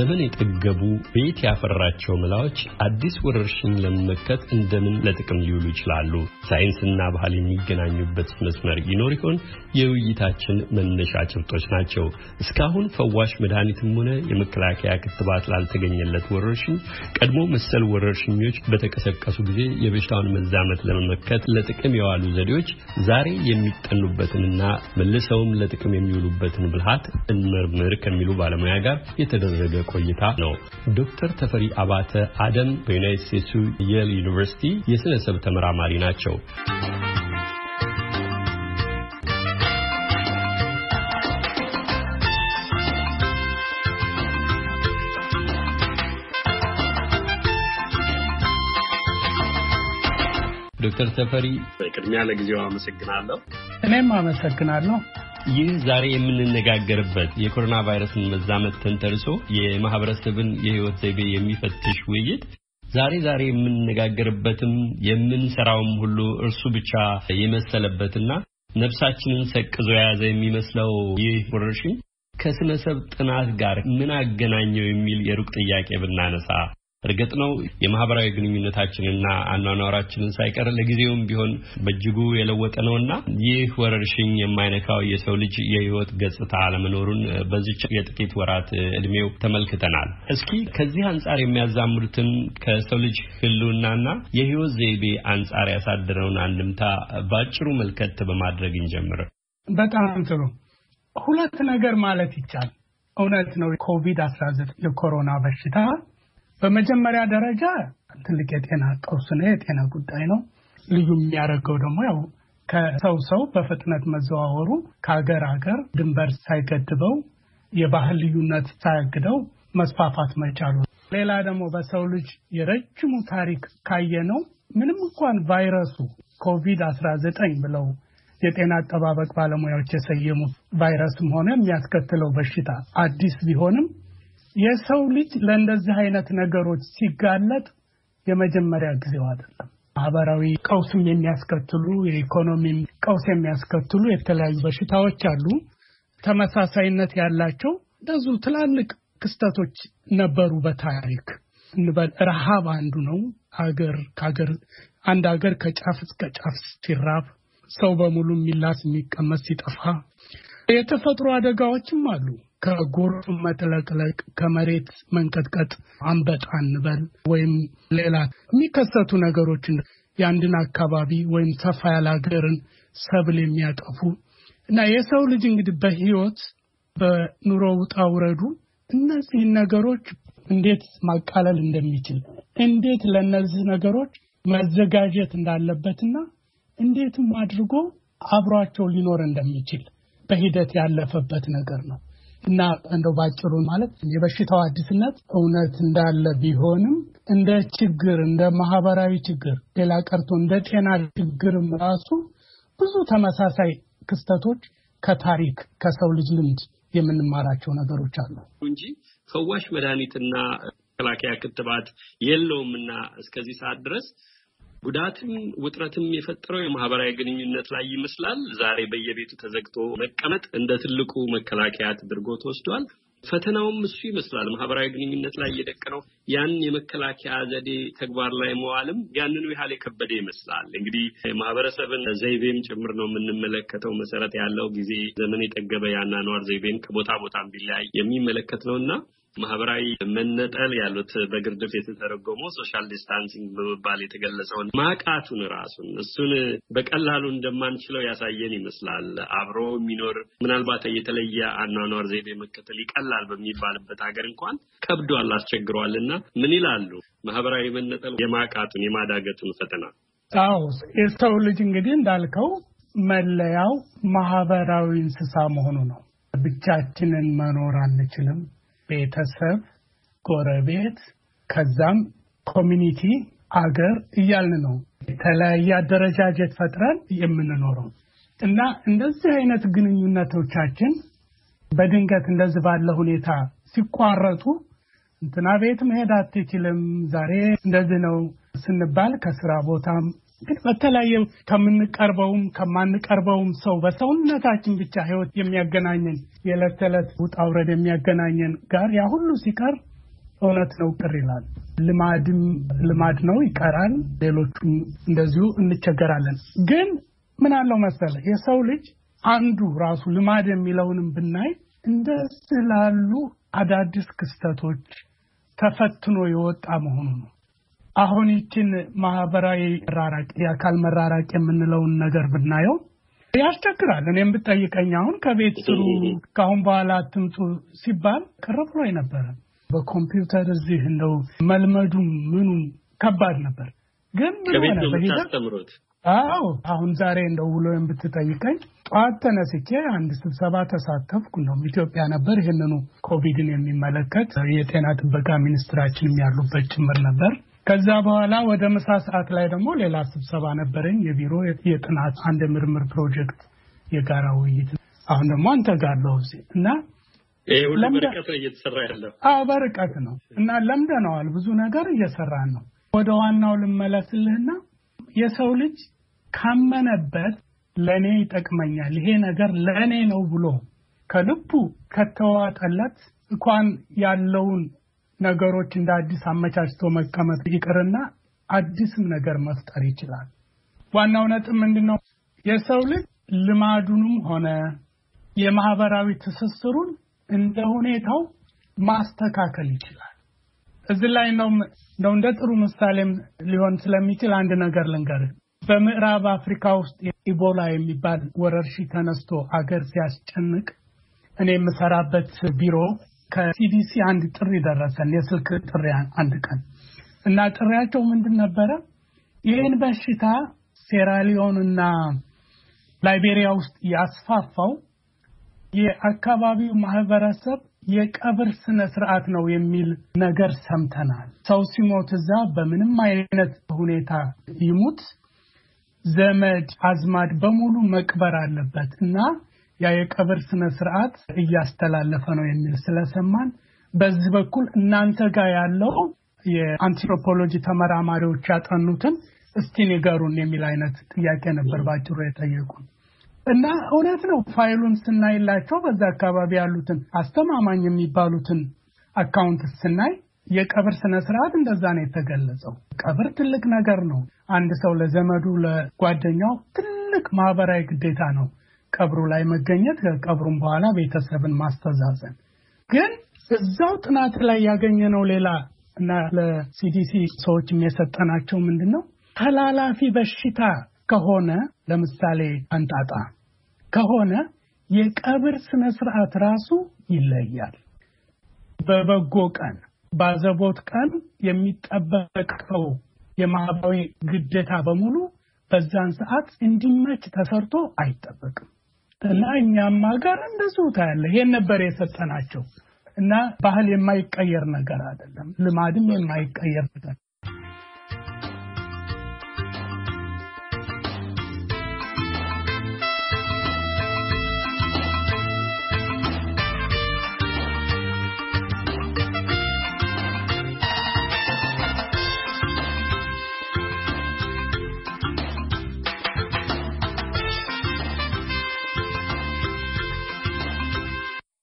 ዘመን የጠገቡ ቤት ያፈራቸው ምላዎች አዲስ ወረርሽኝ ለመመከት እንደምን ለጥቅም ሊውሉ ይችላሉ? ሳይንስና ባህል የሚገናኙበት መስመር ይኖር ይሆን? የውይይታችን መነሻ ጭብጦች ናቸው። እስካሁን ፈዋሽ መድኃኒትም ሆነ የመከላከያ ክትባት ላልተገኘለት ወረርሽኝ ቀድሞ መሰል ወረርሽኞች በተቀሰቀሱ ጊዜ የበሽታውን መዛመት ለመመከት ለጥቅም የዋሉ ዘዴዎች ዛሬ የሚጠኑበትንና መልሰውም ለጥቅም የሚውሉበትን ብልሃት እንመርምር ከሚሉ ባለሙያ ጋር የተደረገ ቆይታ ነው። ዶክተር ተፈሪ አባተ አደም በዩናይት ስቴትሱ የል ዩኒቨርሲቲ የስነሰብ ተመራማሪ ናቸው። ዶክተር ተፈሪ በቅድሚያ ለጊዜው አመሰግናለሁ። እኔም አመሰግናለሁ። ይህ ዛሬ የምንነጋገርበት የኮሮና ቫይረስን መዛመት ተንተርሶ የማህበረሰብን የህይወት ዘይቤ የሚፈትሽ ውይይት ዛሬ ዛሬ የምንነጋገርበትም የምንሰራውም ሁሉ እርሱ ብቻ የመሰለበትና ነፍሳችንን ሰቅዞ የያዘ የሚመስለው ይህ ወረርሽኝ ከስነሰብ ጥናት ጋር ምን አገናኘው የሚል የሩቅ ጥያቄ ብናነሳ እርግጥ ነው የማህበራዊ ግንኙነታችንና አኗኗራችንን ሳይቀር ለጊዜውም ቢሆን በእጅጉ የለወጠ ነውና ይህ ወረርሽኝ የማይነካው የሰው ልጅ የህይወት ገጽታ አለመኖሩን በዚች የጥቂት ወራት እድሜው ተመልክተናል። እስኪ ከዚህ አንጻር የሚያዛምዱትን ከሰው ልጅ ህልውናና የህይወት ዘይቤ አንጻር ያሳደረውን አንድምታ በአጭሩ መልከት በማድረግ እንጀምር። በጣም ጥሩ። ሁለት ነገር ማለት ይቻል እውነት ነው። ኮቪድ 19 የኮሮና በሽታ በመጀመሪያ ደረጃ ትልቅ የጤና ቀውስና የጤና ጉዳይ ነው። ልዩ የሚያደርገው ደግሞ ያው ከሰው ሰው በፍጥነት መዘዋወሩ ከሀገር ሀገር ድንበር ሳይገድበው የባህል ልዩነት ሳያግደው መስፋፋት መቻሉ። ሌላ ደግሞ በሰው ልጅ የረጅሙ ታሪክ ካየነው ምንም እንኳን ቫይረሱ ኮቪድ 19 ብለው የጤና አጠባበቅ ባለሙያዎች የሰየሙት ቫይረስም ሆነ የሚያስከትለው በሽታ አዲስ ቢሆንም የሰው ልጅ ለእንደዚህ አይነት ነገሮች ሲጋለጥ የመጀመሪያ ጊዜው አይደለም። ማህበራዊ ቀውስም የሚያስከትሉ የኢኮኖሚም ቀውስ የሚያስከትሉ የተለያዩ በሽታዎች አሉ። ተመሳሳይነት ያላቸው እንደዙ ትላልቅ ክስተቶች ነበሩ በታሪክ እንበል። ረሃብ አንዱ ነው። አገር ከአገር አንድ አገር ከጫፍ እስከ ጫፍ ሲራብ ሰው በሙሉ የሚላስ የሚቀመስ ሲጠፋ የተፈጥሮ አደጋዎችም አሉ። ከጎርፍ መጥለቅለቅ፣ ከመሬት መንቀጥቀጥ፣ አንበጣ እንበል ወይም ሌላ የሚከሰቱ ነገሮችን የአንድን አካባቢ ወይም ሰፋ ያለ ሀገርን ሰብል የሚያጠፉ እና የሰው ልጅ እንግዲህ በህይወት በኑሮ ውጣ ውረዱ እነዚህን ነገሮች እንዴት ማቃለል እንደሚችል እንዴት ለእነዚህ ነገሮች መዘጋጀት እንዳለበትና እንዴትም አድርጎ አብሯቸው ሊኖር እንደሚችል በሂደት ያለፈበት ነገር ነው። እና እንደው ባጭሩ ማለት የበሽታው አዲስነት እውነት እንዳለ ቢሆንም እንደ ችግር እንደ ማህበራዊ ችግር ሌላ ቀርቶ እንደ ጤና ችግርም ራሱ ብዙ ተመሳሳይ ክስተቶች ከታሪክ ከሰው ልጅ ልምድ የምንማራቸው ነገሮች አሉ እንጂ ፈዋሽ መድኃኒትና መከላከያ ክትባት የለውምና እስከዚህ ሰዓት ድረስ ጉዳትም ውጥረትም የፈጠረው የማህበራዊ ግንኙነት ላይ ይመስላል። ዛሬ በየቤቱ ተዘግቶ መቀመጥ እንደ ትልቁ መከላከያ ተደርጎ ተወስዷል። ፈተናውም እሱ ይመስላል። ማህበራዊ ግንኙነት ላይ እየደቀነው ያን የመከላከያ ዘዴ ተግባር ላይ መዋልም ያንኑ ያህል የከበደ ይመስላል። እንግዲህ ማህበረሰብን ዘይቤም ጭምር ነው የምንመለከተው። መሰረት ያለው ጊዜ ዘመን የጠገበ ያናኗር ዘይቤን ከቦታ ቦታ ቢለያይ የሚመለከት ነው እና ማህበራዊ መነጠል ያሉት በግርድፍ የተተረጎመው ሶሻል ዲስታንሲንግ በመባል የተገለጸውን ማቃቱን ራሱን እሱን በቀላሉ እንደማንችለው ያሳየን ይመስላል። አብሮ የሚኖር ምናልባት የተለየ አኗኗር ዘይቤ መከተል ይቀላል በሚባልበት ሀገር እንኳን ከብዷል፣ አስቸግሯል እና ምን ይላሉ ማህበራዊ መነጠል የማቃቱን የማዳገቱን ፈተና? አዎ የሰው ልጅ እንግዲህ እንዳልከው መለያው ማህበራዊ እንስሳ መሆኑ ነው። ብቻችንን መኖር አንችልም። ቤተሰብ፣ ጎረቤት፣ ከዛም ኮሚኒቲ፣ አገር እያልን ነው የተለያየ አደረጃጀት ፈጥረን የምንኖረው እና እንደዚህ አይነት ግንኙነቶቻችን በድንገት እንደዚህ ባለ ሁኔታ ሲቋረጡ እንትና ቤት መሄድ አትችልም፣ ዛሬ እንደዚህ ነው ስንባል ከስራ ቦታም ግን በተለያየ ከምንቀርበውም ከማንቀርበውም ሰው በሰውነታችን ብቻ ህይወት የሚያገናኘን የዕለት ተዕለት ውጣ ውረድ የሚያገናኘን ጋር ያ ሁሉ ሲቀር እውነት ነው ቅር ይላል። ልማድም ልማድ ነው ይቀራል። ሌሎቹም እንደዚሁ እንቸገራለን። ግን ምን አለው መሰለ የሰው ልጅ አንዱ ራሱ ልማድ የሚለውንም ብናይ እንደ ስላሉ አዳዲስ ክስተቶች ተፈትኖ የወጣ መሆኑ ነው። አሁን ይችን ማህበራዊ መራራቅ የአካል መራራቅ የምንለውን ነገር ብናየው ያስቸግራል። እኔም ብጠይቀኝ አሁን ከቤት ስሩ ከአሁን በኋላ አትምጡ ሲባል ቅር ብሎ ነበረ። በኮምፒውተር እዚህ እንደው መልመዱ ምኑ ከባድ ነበር፣ ግን ምንሆነበሂደት አዎ አሁን ዛሬ እንደው ውሎ ብትጠይቀኝ ጠዋት ተነስቼ አንድ ስብሰባ ተሳተፍኩ። እንደውም ኢትዮጵያ ነበር፣ ይህንኑ ኮቪድን የሚመለከት የጤና ጥበቃ ሚኒስትራችንም ያሉበት ጭምር ነበር። ከዛ በኋላ ወደ ምሳ ሰዓት ላይ ደግሞ ሌላ ስብሰባ ነበረኝ። የቢሮ የጥናት አንድ ምርምር ፕሮጀክት የጋራ ውይይት። አሁን ደግሞ አንተ ጋር አለሁ እዚህ እና በርቀት ነው እየተሰራ ያለው። አዎ በርቀት ነው እና ለምደነዋል። ብዙ ነገር እየሰራን ነው። ወደ ዋናው ልመለስልህና የሰው ልጅ ካመነበት ለእኔ ይጠቅመኛል፣ ይሄ ነገር ለእኔ ነው ብሎ ከልቡ ከተዋጠለት እንኳን ያለውን ነገሮች እንደ አዲስ አመቻችቶ መቀመጥ ይቅርና አዲስም ነገር መፍጠር ይችላል። ዋናው ነጥብ ምንድን ነው? የሰው ልጅ ልማዱንም ሆነ የማህበራዊ ትስስሩን እንደ ሁኔታው ማስተካከል ይችላል። እዚህ ላይ ነው እንደው እንደ ጥሩ ምሳሌም ሊሆን ስለሚችል አንድ ነገር ልንገርህ። በምዕራብ አፍሪካ ውስጥ ኢቦላ የሚባል ወረርሽኝ ተነስቶ አገር ሲያስጨንቅ እኔ የምሰራበት ቢሮ ከሲዲሲ አንድ ጥሪ ደረሰን፣ የስልክ ጥሪ አንድ ቀን እና ጥሪያቸው ምንድን ነበረ? ይህን በሽታ ሴራሊዮን እና ላይቤሪያ ውስጥ ያስፋፋው የአካባቢው ማህበረሰብ የቀብር ስነ ስርዓት ነው የሚል ነገር ሰምተናል። ሰው ሲሞት እዛ በምንም አይነት ሁኔታ ይሙት ዘመድ አዝማድ በሙሉ መቅበር አለበት እና ያ የቀብር ስነ ስርዓት እያስተላለፈ ነው የሚል ስለሰማን በዚህ በኩል እናንተ ጋር ያለው የአንትሮፖሎጂ ተመራማሪዎች ያጠኑትን እስቲ ንገሩን የሚል አይነት ጥያቄ ነበር ባጭሩ የጠየቁን። እና እውነት ነው ፋይሉን ስናይላቸው በዛ አካባቢ ያሉትን አስተማማኝ የሚባሉትን አካውንት ስናይ የቀብር ስነ ስርዓት እንደዛ ነው የተገለጸው። ቀብር ትልቅ ነገር ነው። አንድ ሰው ለዘመዱ ለጓደኛው ትልቅ ማህበራዊ ግዴታ ነው። ቀብሩ ላይ መገኘት፣ ከቀብሩም በኋላ ቤተሰብን ማስተዛዘን። ግን እዛው ጥናት ላይ ያገኘነው ሌላ እና ለሲዲሲ ሰዎችም የሰጠናቸው ምንድን ነው ተላላፊ በሽታ ከሆነ ለምሳሌ አንጣጣ ከሆነ የቀብር ስነ ስርዓት ራሱ ይለያል። በበጎ ቀን ባዘቦት ቀን የሚጠበቀው የማህበራዊ ግዴታ በሙሉ በዛን ሰዓት እንዲመች ተሰርቶ አይጠበቅም። እና እኛም ሀገር እንደዚሁ ታያለ። ይሄን ነበር የሰጠናቸው እና ባህል የማይቀየር ነገር አይደለም፣ ልማድም የማይቀየር ነገር